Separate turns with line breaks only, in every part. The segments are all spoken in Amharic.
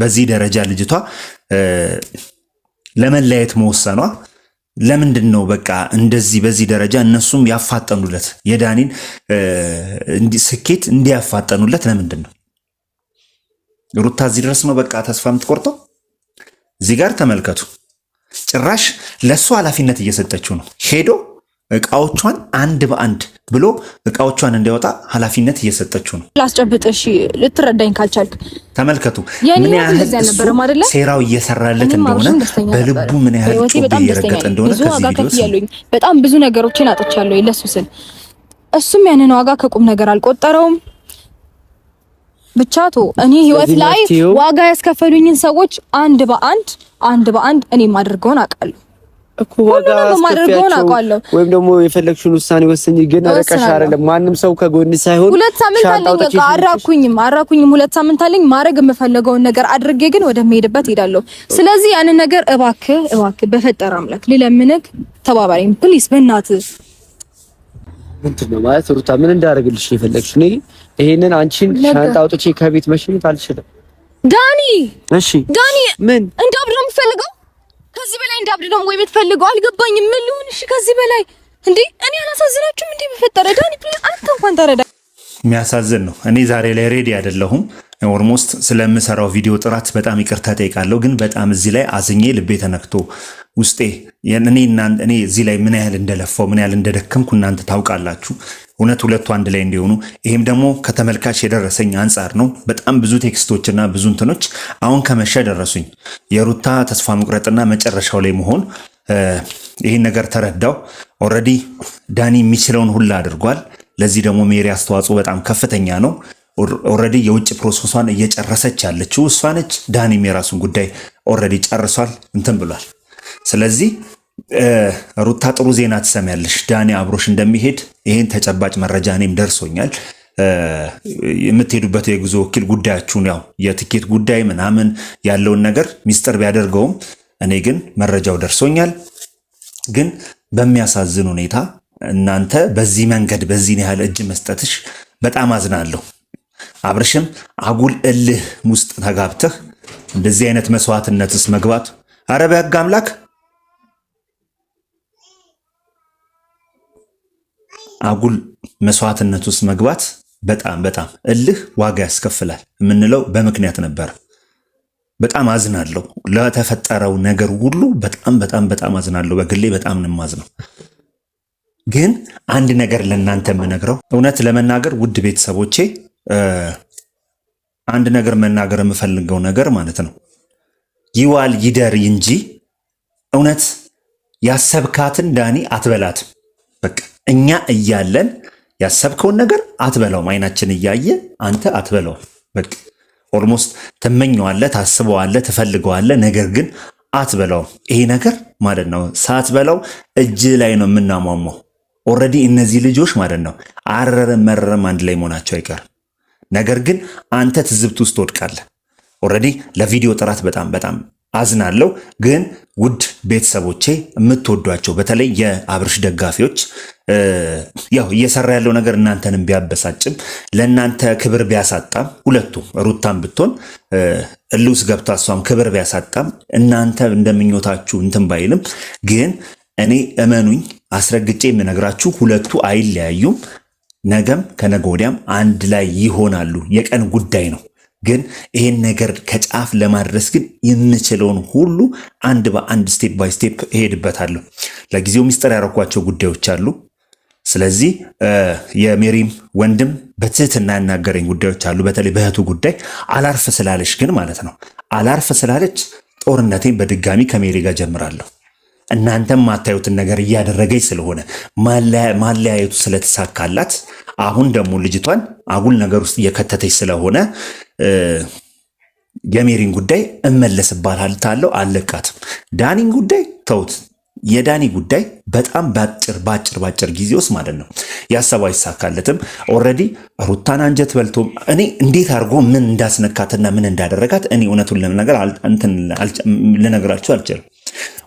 በዚህ ደረጃ ልጅቷ ለመለያየት መወሰኗ ለምንድን ነው? በቃ እንደዚህ በዚህ ደረጃ እነሱም ያፋጠኑለት የዳኒን ስኬት እንዲያፋጠኑለት ለምንድን ነው? ሩታ እዚህ ድረስ ነው በቃ ተስፋ የምትቆርጠው። እዚህ ጋር ተመልከቱ፣ ጭራሽ ለእሱ ኃላፊነት እየሰጠችው ነው ሄዶ እቃዎቿን አንድ በአንድ ብሎ እቃዎቿን እንዲያወጣ ኃላፊነት እየሰጠችው ነው።
ላስጨብጥ፣ እሺ፣ ልትረዳኝ ካልቻልክ ተመልከቱ ምን ያህል እሱ
ሴራው እየሰራለት እንደሆነ በልቡ ምን ያህል ጩቤ እየረገጠ
እንደሆነ በጣም ብዙ ነገሮችን አጥቻለሁ ለሱ ስል እሱም ያንን ዋጋ ከቁም ነገር አልቆጠረውም። ብቻ ቶ እኔ ህይወት ላይ ዋጋ ያስከፈሉኝን ሰዎች አንድ በአንድ አንድ በአንድ እኔ ማድርገውን አውቃለሁ።
ወይም ደግሞ የፈለግሽውን ውሳኔ ግን አይደለም ማንም ሰው ከጎን ሳይሆን
ሁለት ሳምንት አለኝ። አራኩኝም አራኩኝም ሁለት ሳምንት አለኝ። ማድረግ የምፈለገውን ነገር አድርጌ ግን ወደምሄድበት ሄዳለሁ። ስለዚህ ያንን ነገር በፈጠረ አምላክ
ምንድን ነው ማለት ሩታ፣ ምን እንዳደርግልሽ የፈለግሽ? እኔ ይሄንን አንቺን ሻንጣ አውጥቼ ከቤት መሸኘት አልችልም ዳኒ። እሺ ዳኒ፣ ምን
እንዳብሎ የምፈልገው ከዚህ በላይ እንዳብድ ደግሞ ወይ የምትፈልገው አልገባኝም። ምን ልሁን? እሺ ከዚህ በላይ እንዴ እኔ አላሳዝናችሁም እንዴ? በፈጠረ ዳኒ አንተ እንኳን ተረዳ።
የሚያሳዝን ነው። እኔ ዛሬ ላይ ሬዲ አይደለሁም። ኦልሞስት ስለምሰራው ቪዲዮ ጥራት በጣም ይቅርታ ጠይቃለሁ። ግን በጣም እዚህ ላይ አዝኜ ልቤ ተነክቶ ውስጤ እኔ እዚህ ላይ ምን ያህል እንደለፋው ምን ያህል እንደደከምኩ እናንተ ታውቃላችሁ። እውነት ሁለቱ አንድ ላይ እንዲሆኑ ይህም ደግሞ ከተመልካች የደረሰኝ አንጻር ነው። በጣም ብዙ ቴክስቶችና ብዙ እንትኖች አሁን ከመሸ ደረሱኝ። የሩታ ተስፋ መቁረጥና መጨረሻው ላይ መሆን ይህን ነገር ተረዳው። ኦልሬዲ ዳኒ የሚችለውን ሁላ አድርጓል። ለዚህ ደግሞ ሜሪ አስተዋጽኦ በጣም ከፍተኛ ነው። ኦልሬዲ የውጭ ፕሮሰሷን እየጨረሰች ያለችው እሷ ነች። ዳኒም የራሱን ጉዳይ ኦልሬዲ ጨርሷል፣ እንትን ብሏል። ስለዚህ ሩታ ጥሩ ዜና ትሰሚያለሽ፣ ዳኒ አብሮሽ እንደሚሄድ ይሄን ተጨባጭ መረጃ እኔም ደርሶኛል። የምትሄዱበት የጉዞ ወኪል ጉዳያችሁን ያው የትኬት ጉዳይ ምናምን ያለውን ነገር ሚስጥር ቢያደርገውም እኔ ግን መረጃው ደርሶኛል። ግን በሚያሳዝን ሁኔታ እናንተ በዚህ መንገድ በዚህን ያህል እጅ መስጠትሽ በጣም አዝናለሁ። አብርሽም አጉል እልህ ውስጥ ተጋብተህ እንደዚህ አይነት መስዋዕትነትስ መግባት ኧረ በሕግ አምላክ አጉል መስዋዕትነት ውስጥ መግባት በጣም በጣም እልህ ዋጋ ያስከፍላል የምንለው በምክንያት ነበር። በጣም አዝናለሁ ለተፈጠረው ነገር ሁሉ በጣም በጣም በጣም አዝናለሁ። በግሌ በጣም ንማዝ ነው። ግን አንድ ነገር ለእናንተ የምነግረው እውነት ለመናገር ውድ ቤተሰቦቼ፣ አንድ ነገር መናገር የምፈልገው ነገር ማለት ነው ይዋል ይደር እንጂ እውነት ያሰብካትን ዳኒ አትበላትም። በቃ እኛ እያለን ያሰብከውን ነገር አትበላውም። አይናችን እያየ አንተ አትበላውም። በቃ ኦልሞስት ትመኘዋለ ታስበዋለ፣ ትፈልገዋለ ነገር ግን አትበላውም። ይሄ ነገር ማለት ነው ሳትበላው እጅ ላይ ነው የምናሟሟው። ኦልሬዲ እነዚህ ልጆች ማለት ነው አረረም መረረም አንድ ላይ መሆናቸው አይቀርም። ነገር ግን አንተ ትዝብት ውስጥ ወድቃለህ። ኦልሬዲ ለቪዲዮ ጥራት በጣም በጣም አዝናለሁ። ግን ውድ ቤተሰቦቼ የምትወዷቸው በተለይ የአብርሽ ደጋፊዎች ያው እየሰራ ያለው ነገር እናንተንም ቢያበሳጭም ለእናንተ ክብር ቢያሳጣም ሁለቱም ሩታም ብትሆን እልውስ ገብታ እሷም ክብር ቢያሳጣም እናንተ እንደምኞታችሁ እንትን ባይልም ግን እኔ እመኑኝ አስረግጬ የምነግራችሁ ሁለቱ አይለያዩም። ነገም ከነገ ወዲያም አንድ ላይ ይሆናሉ። የቀን ጉዳይ ነው። ግን ይሄን ነገር ከጫፍ ለማድረስ ግን የምችለውን ሁሉ አንድ በአንድ ስቴፕ ባይ ስቴፕ እሄድበታለሁ። ለጊዜው ሚስጥር ያረኳቸው ጉዳዮች አሉ። ስለዚህ የሜሪም ወንድም በትህትና ያናገረኝ ጉዳዮች አሉ። በተለይ በእህቱ ጉዳይ አላርፍ ስላለች ግን ማለት ነው አላርፍ ስላለች ጦርነቴን በድጋሚ ከሜሪ ጋር ጀምራለሁ። እናንተም ማታዩትን ነገር እያደረገኝ ስለሆነ ማለያየቱ ስለተሳካላት አሁን ደግሞ ልጅቷን አጉል ነገር ውስጥ እየከተተች ስለሆነ የሜሪን ጉዳይ እመለስባታለሁ፣ አልለቃትም። ዳኒን ጉዳይ ተውት። የዳኒ ጉዳይ በጣም ባጭር ባጭር ባጭር ጊዜ ውስጥ ማለት ነው ያሰበው አይሳካለትም። ኦልሬዲ ሩታን አንጀት በልቶ እኔ እንዴት አድርጎ ምን እንዳስነካትና ምን እንዳደረጋት እኔ እውነቱን ለነገር ልነግራችሁ አልችልም።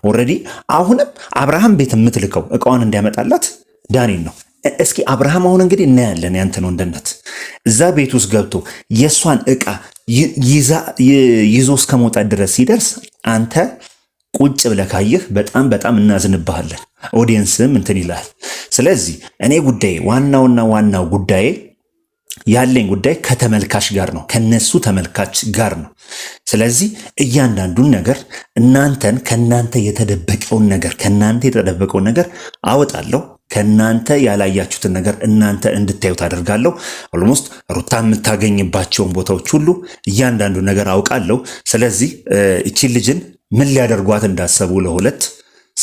ኦልሬዲ አሁንም አብርሃም ቤት የምትልከው እቃዋን እንዲያመጣላት ዳኒን ነው። እስኪ አብርሃም አሁን እንግዲህ እናያለን ነው እንደነት እዛ ቤት ውስጥ ገብቶ የእሷን እቃ ይዞ እስከ መውጣት ድረስ ሲደርስ አንተ ቁጭ ብለህ ካየህ በጣም በጣም እናዝንብሃለን። ኦዲየንስም እንትን ይላል። ስለዚህ እኔ ጉዳዬ ዋናውና ዋናው ጉዳዬ ያለኝ ጉዳይ ከተመልካች ጋር ነው፣ ከነሱ ተመልካች ጋር ነው። ስለዚህ እያንዳንዱን ነገር እናንተን ከእናንተ የተደበቀውን ነገር ከእናንተ የተደበቀውን ነገር አወጣለሁ ከእናንተ ያላያችሁትን ነገር እናንተ እንድታዩ ታደርጋለሁ። ኦልሞስት ሩታ የምታገኝባቸውን ቦታዎች ሁሉ እያንዳንዱ ነገር አውቃለሁ። ስለዚህ እቺ ልጅን ምን ሊያደርጓት እንዳሰቡ ለሁለት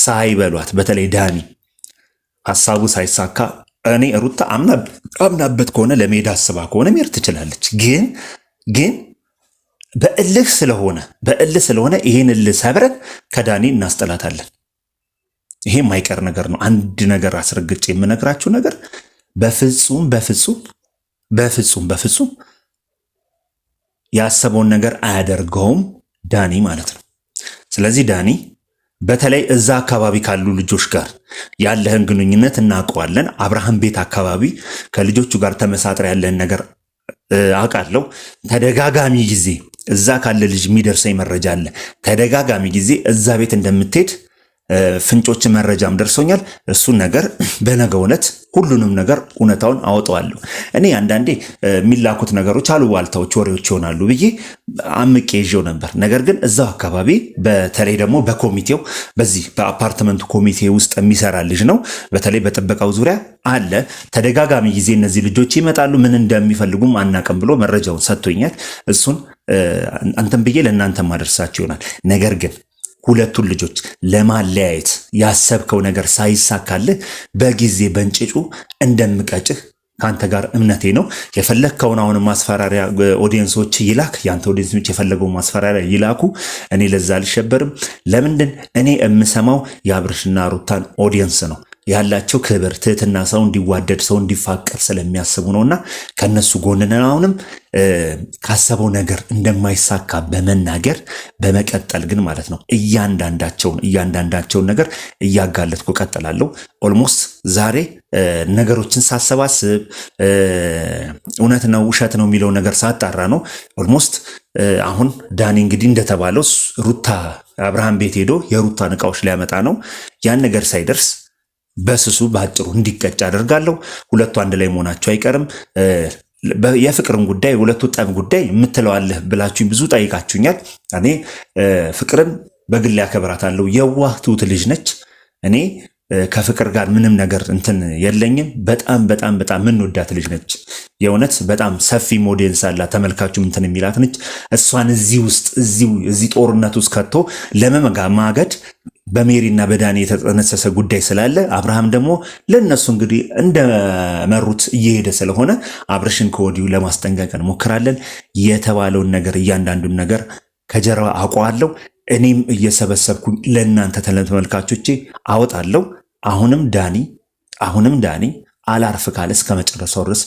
ሳይበሏት፣ በተለይ ዳኒ ሀሳቡ ሳይሳካ እኔ ሩታ አምናበት ከሆነ ለመሄድ አስባ ከሆነ መሄድ ትችላለች። ግን ግን በእልህ ስለሆነ በእልህ ስለሆነ ይህን እልህ ሰብረን ከዳኒ እናስጠላታለን። ይሄ የማይቀር ነገር ነው። አንድ ነገር አስረግጬ የምነግራችሁ ነገር በፍጹም በፍጹም በፍጹም በፍጹም ያሰበውን ነገር አያደርገውም ዳኒ ማለት ነው። ስለዚህ ዳኒ በተለይ እዛ አካባቢ ካሉ ልጆች ጋር ያለህን ግንኙነት እናውቀዋለን። አብርሃም ቤት አካባቢ ከልጆቹ ጋር ተመሳጥረ ያለህን ነገር አውቃለሁ። ተደጋጋሚ ጊዜ እዛ ካለ ልጅ የሚደርሰኝ መረጃ አለ። ተደጋጋሚ ጊዜ እዛ ቤት እንደምትሄድ ፍንጮች መረጃም ደርሶኛል። እሱን ነገር በነገ እውነት ሁሉንም ነገር እውነታውን አወጣዋለሁ። እኔ አንዳንዴ የሚላኩት ነገሮች አሉባልታዎች፣ ወሬዎች ይሆናሉ ብዬ አምቄ ይዤው ነበር። ነገር ግን እዛው አካባቢ በተለይ ደግሞ በኮሚቴው በዚህ በአፓርትመንቱ ኮሚቴ ውስጥ የሚሰራ ልጅ ነው። በተለይ በጥበቃው ዙሪያ አለ። ተደጋጋሚ ጊዜ እነዚህ ልጆች ይመጣሉ፣ ምን እንደሚፈልጉም አናቅም ብሎ መረጃውን ሰጥቶኛል። እሱን አንተን ብዬ ለእናንተ ማደርሳቸው ይሆናል ነገር ግን ሁለቱን ልጆች ለማለያየት ያሰብከው ነገር ሳይሳካልህ በጊዜ በእንጭጩ እንደምቀጭህ ከአንተ ጋር እምነቴ ነው። የፈለግከውን አሁን ማስፈራሪያ ኦዲየንሶች ይላክ፣ የአንተ ኦዲየንሶች የፈለገው ማስፈራሪያ ይላኩ። እኔ ለዛ አልሸበርም። ለምንድን እኔ የምሰማው የአብርሽና ሩታን ኦዲየንስ ነው። ያላቸው ክብር፣ ትህትና ሰው እንዲዋደድ ሰው እንዲፋቀር ስለሚያስቡ ነው እና ከነሱ ጎንነን አሁንም ካሰበው ነገር እንደማይሳካ በመናገር በመቀጠል ግን ማለት ነው እያንዳንዳቸውን እያንዳንዳቸውን ነገር እያጋለጥኩ ቀጥላለሁ። ኦልሞስት ዛሬ ነገሮችን ሳሰባስብ እውነት ነው ውሸት ነው የሚለው ነገር ሳጣራ ነው ኦልሞስት አሁን ዳኒ እንግዲህ እንደተባለው ሩታ አብርሃም ቤት ሄዶ የሩታን እቃዎች ሊያመጣ ነው። ያን ነገር ሳይደርስ በስሱ በአጭሩ እንዲቀጭ አደርጋለሁ። ሁለቱ አንድ ላይ መሆናቸው አይቀርም። የፍቅርን ጉዳይ ሁለቱ ጠብ ጉዳይ የምትለዋለህ ብላችሁኝ ብዙ ጠይቃችሁኛል። እኔ ፍቅርን በግል ያከብራታለሁ። የዋህ ትውት ልጅ ነች። እኔ ከፍቅር ጋር ምንም ነገር እንትን የለኝም። በጣም በጣም በጣም ምንወዳት ልጅ ነች። የእውነት በጣም ሰፊ ሞዴል ሳላት ተመልካቹም እንትን የሚላት ነች። እሷን እዚህ ውስጥ እዚህ ጦርነት ውስጥ ከቶ ለመመጋ ማገድ በሜሪና በዳኒ የተጠነሰሰ ጉዳይ ስላለ አብርሃም ደግሞ ለእነሱ እንግዲህ እንደመሩት እየሄደ ስለሆነ አብርሽን ከወዲሁ ለማስጠንቀቅ እንሞክራለን። የተባለውን ነገር እያንዳንዱን ነገር ከጀርባ አውቀዋለሁ። እኔም እየሰበሰብኩኝ ለእናንተ ተመልካቾቼ አወጣለሁ። አሁንም ዳኒ አሁንም ዳኒ አላርፍ ካለ እስከ መጨረሻው ድረስ